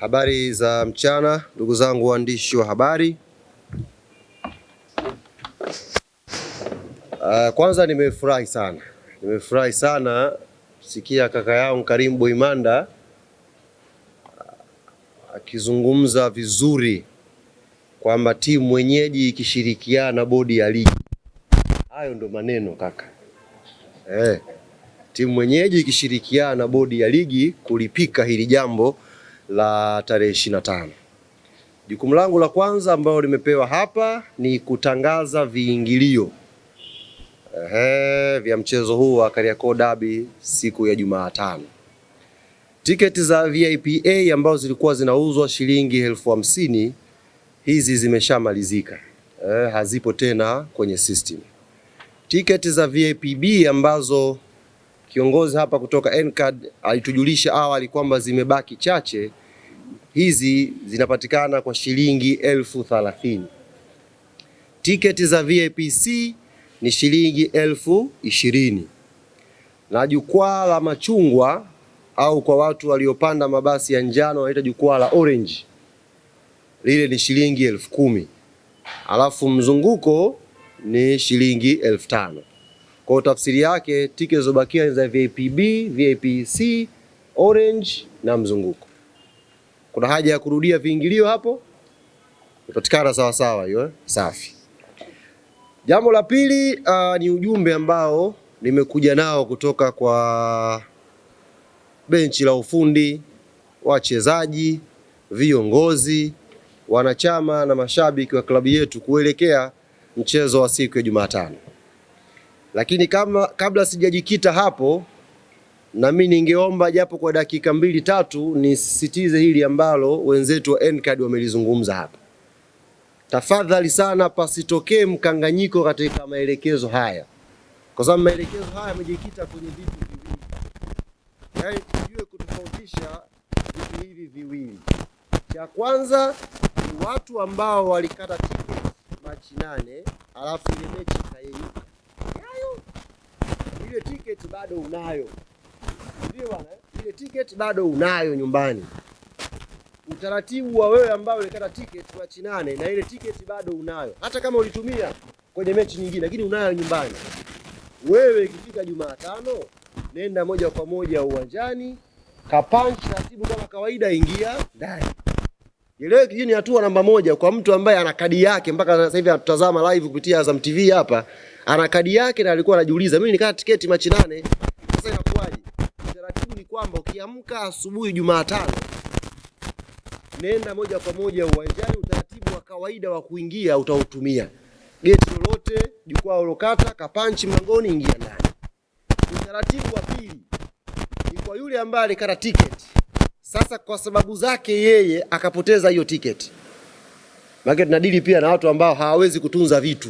Habari za mchana, ndugu zangu waandishi wa habari. Uh, kwanza nimefurahi sana, nimefurahi sana sikia kaka yangu Karim Boimanda akizungumza vizuri kwamba timu mwenyeji ikishirikiana bodi ya ligi. Hayo ndo maneno kaka eh timu mwenyeji ikishirikiana na bodi ya ligi kulipika hili jambo la tarehe 25. Jukumu langu la kwanza ambalo limepewa hapa ni kutangaza viingilio ehe, vya mchezo huu wa Kariakoo Derby siku ya Jumatano. Tiketi za VIP A ambazo zilikuwa zinauzwa shilingi elfu hamsini hizi zimeshamalizika, eh, hazipo tena kwenye system. Tiketi za VIP B ambazo Kiongozi hapa kutoka NCAD alitujulisha awali kwamba zimebaki chache, hizi zinapatikana kwa shilingi elfu thalathini. Tiketi za VIPC ni shilingi elfu ishirini na jukwaa la machungwa au kwa watu waliopanda mabasi ya njano wanaita jukwaa la orange, lile ni shilingi elfu kumi alafu mzunguko ni shilingi elfu tano. Kwa tafsiri yake tiki zilizobakia ni za VIPB, VIPC, Orange na mzunguko. Kuna haja ya kurudia viingilio hapo? Utatikana sawa sawa hiyo eh? Safi. Jambo la pili uh, ni ujumbe ambao nimekuja nao kutoka kwa benchi la ufundi, wachezaji, viongozi, wanachama na mashabiki wa klabu yetu kuelekea mchezo wa siku ya Jumatano. Lakini kama, kabla sijajikita hapo, na mimi ningeomba japo kwa dakika mbili tatu nisisitize hili ambalo wenzetu wa NCAD wamelizungumza hapa. Tafadhali sana, pasitokee mkanganyiko katika maelekezo haya, kwa sababu maelekezo haya yamejikita kwenye vitu viwili, yaani tujue kutofautisha vitu hivi viwili. Cha kwanza ni watu ambao walikata tiketi Machi nane alafu ile mechi ikayeyuka ile ticket bado unayo, ndio bwana, ile ticket bado unayo nyumbani. Utaratibu wa wewe ambao ulikata ticket Machi nane na ile ticket bado unayo, hata kama ulitumia kwenye mechi nyingine, lakini unayo nyumbani. Wewe ikifika Jumatano, nenda moja kwa moja uwanjani, kapanchi taratibu kama kawaida, ingia ndani. Ile kijini, hatua namba moja kwa mtu ambaye ana kadi yake mpaka sasa hivi atutazama live kupitia Azam TV hapa ana kadi yake na alikuwa anajiuliza mimi nikaa tiketi Machi nane, sasa inakuwaje? Utaratibu ni kwamba ukiamka asubuhi Jumatano, nenda moja kwa moja uwanjani, utaratibu wa kawaida wa kuingia utautumia geti lolote, jukwaa ulokata, kapanchi mlangoni, ingia ndani. Utaratibu wa pili ni kwa yule ambaye alikata tiketi, sasa kwa sababu zake yeye akapoteza hiyo tiketi, maana tunadili pia na watu ambao hawawezi kutunza vitu.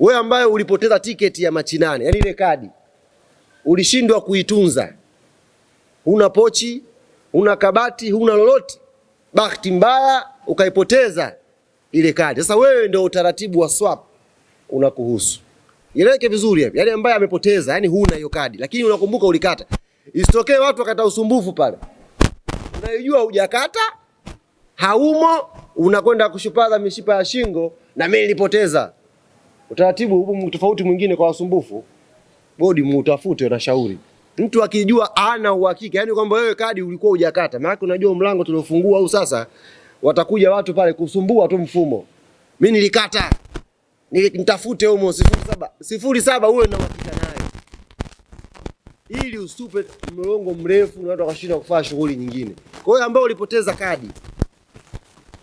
Wewe ambaye ulipoteza tiketi ya Machi nane, yani yaani ile kadi ulishindwa kuitunza, huna pochi, huna kabati, huna lolote, bahati mbaya ukaipoteza ile kadi. Sasa wewe ndio utaratibu wa swap unakuhusu. Ieleweke vizuri hapo. Yaani ambaye amepoteza, yani huna hiyo kadi, lakini unakumbuka ulikata. Isitokee watu wakata usumbufu pale. Unayojua hujakata, haumo, unakwenda kushupaza mishipa ya shingo na mimi nilipoteza. Utaratibu huu tofauti mwingine kwa wasumbufu, bodi muutafute na shauri. Mtu akijua ana uhakika, yani kwamba wewe kadi ulikuwa hujakata, maana unajua mlango tuliofungua huu. sasa watakuja watu pale kusumbua tu mfumo. Mimi nilikata. Nitafute humo sifuri saba uwe na uhakika naye, Ili usupe mlongo mrefu na watu wakashinda kufanya shughuli nyingine. Kwa hiyo ambao ulipoteza kadi,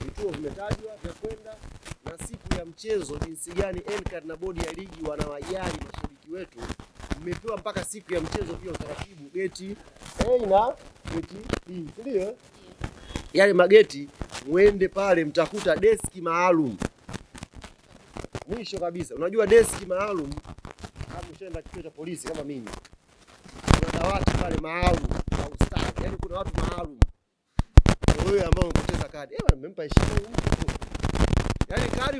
vituo vimetajwa vya kwenda katika mchezo jinsi gani Encar na bodi ya ligi wanawajali mashabiki wetu. Mmepewa mpaka siku ya mchezo pia utaratibu geti A na geti B, si ndio? Yale mageti muende pale, mtakuta deski maalum mwisho kabisa. Unajua deski maalum, kama ushaenda kituo cha polisi kama mimi, kuna dawati pale maalum na ustadi, yaani kuna watu maalum. Wewe ambao umepoteza kadi, eh, heshima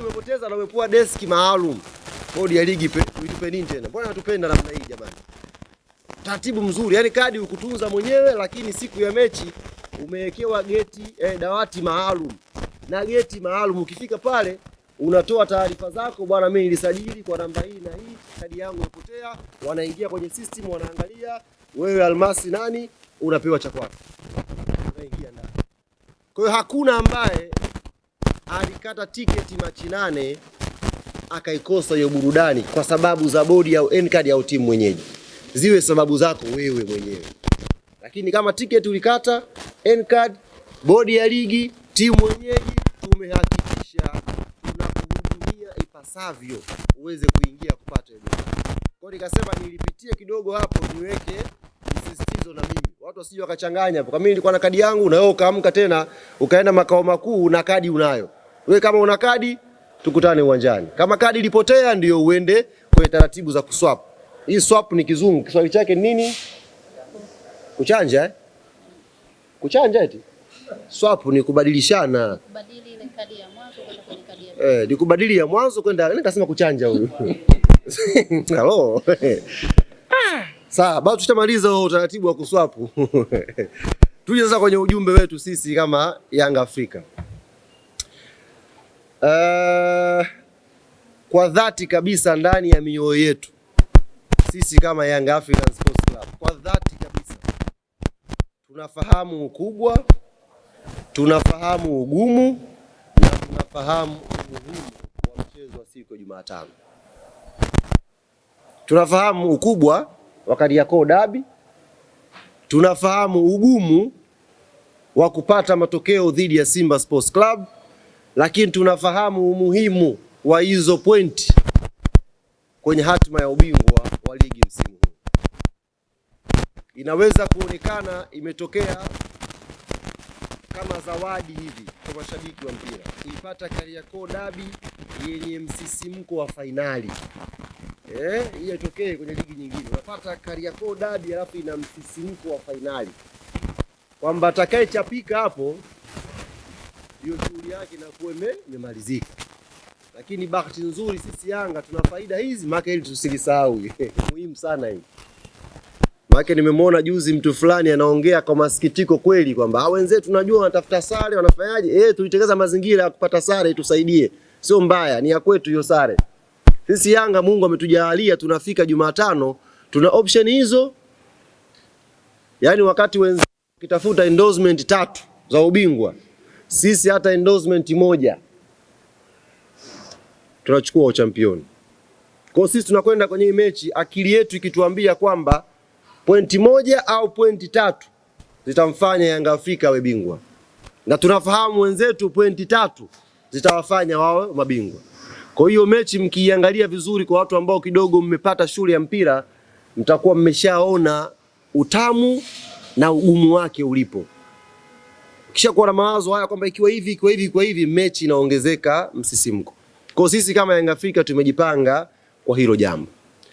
kweli umepoteza na umekuwa deski maalum. Bodi ya ligi nini tena, mbona hatupenda namna hii jamani? Taratibu mzuri, yani kadi ukutunza mwenyewe, lakini siku ya mechi umewekewa geti eh, dawati maalum na geti maalum. Ukifika pale unatoa taarifa zako, bwana, mimi nilisajili kwa namba hii na hii, kadi yangu imepotea. Wanaingia kwenye system, wanaangalia wewe Almasi nani, unapewa cha kwako, unaingia ndani. Kwa hiyo hakuna ambaye alikata tiketi machi nane akaikosa hiyo burudani kwa sababu za bodi au N-card au timu mwenyeji, ziwe sababu zako wewe mwenyewe. Lakini kama tiketi ulikata, N-card, bodi ya ligi, timu mwenyeji, tumehakikisha tunakuhudumia ipasavyo uweze kuingia kupata hiyo burudani. Kwa nikasema nilipitie kidogo hapo niweke msisitizo na mimi watu wasije wakachanganya hapo, kama mimi nilikuwa na kadi yangu na wewe ukaamka tena ukaenda makao makuu na kadi unayo We kama una kadi tukutane uwanjani. Kama kadi ilipotea ndio uende kwenye taratibu za kuswap. Hii swap ni kizungu, Kiswahili chake nini? Kuchanja eh? Kuchanja eti? Swap ni kubadilishana. Kubadili ile kadi ya mwanzo kwenda kwenye kadi ya pili. Eh, ni kubadili ya mwanzo kwenda, yaani nikasema kuchanja huyu. Hello. Sawa, bado tutamaliza utaratibu wa kuswapu. Tuje sasa kwenye ujumbe wetu sisi kama Young Africa. Uh, kwa dhati kabisa ndani ya mioyo yetu sisi kama Young African Sports Club, kwa dhati kabisa tunafahamu ukubwa, tunafahamu ugumu na tunafahamu umuhimu wa mchezo wa siku ya Jumatano. Tunafahamu ukubwa wa Kariakoo Dabi, tunafahamu ugumu wa kupata matokeo dhidi ya Simba Sports Club lakini tunafahamu umuhimu wa hizo pointi kwenye hatima ya ubingwa wa ligi msimu huu. Inaweza kuonekana imetokea kama zawadi hivi kwa mashabiki wa mpira kuipata Kariakoo dabi yenye msisimko wa fainali eh, hiyo itokee kwenye ligi nyingine. Unapata Kariakoo dabi alafu ina msisimko wa fainali, kwamba atakayechapika hapo hiyo shughuli yake inakuwa imemalizika. Lakini bahati nzuri sisi Yanga tuna faida hizi, maana ili tusilisahau, muhimu sana hii Maana nimemwona juzi mtu fulani anaongea kwa masikitiko kweli kwamba ah, wenzetu tunajua wanatafuta sare wanafanyaje, eh, tulitengeza mazingira ya kupata sare tusaidie, sio mbaya, ni ya kwetu hiyo sare. Sisi Yanga Mungu ametujalia tunafika Jumatano tuna option hizo, yaani wakati wenzetu kitafuta endorsement tatu za ubingwa sisi hata endorsement moja tunachukua uchampioni. Kwa sisi tunakwenda kwenye hii mechi akili yetu ikituambia kwamba pointi moja au pointi tatu zitamfanya Yanga Afrika awe bingwa, na tunafahamu wenzetu pointi tatu zitawafanya wawe mabingwa. Kwa hiyo mechi mkiiangalia vizuri, kwa watu ambao kidogo mmepata shule ya mpira, mtakuwa mmeshaona utamu na ugumu wake ulipo kisha kuwa na mawazo haya kwamba ikiwa hivi ikiwa hivi ikiwa hivi, mechi inaongezeka msisimko. Kwa sisi kama Yanga Afrika tumejipanga kwa hilo jambo.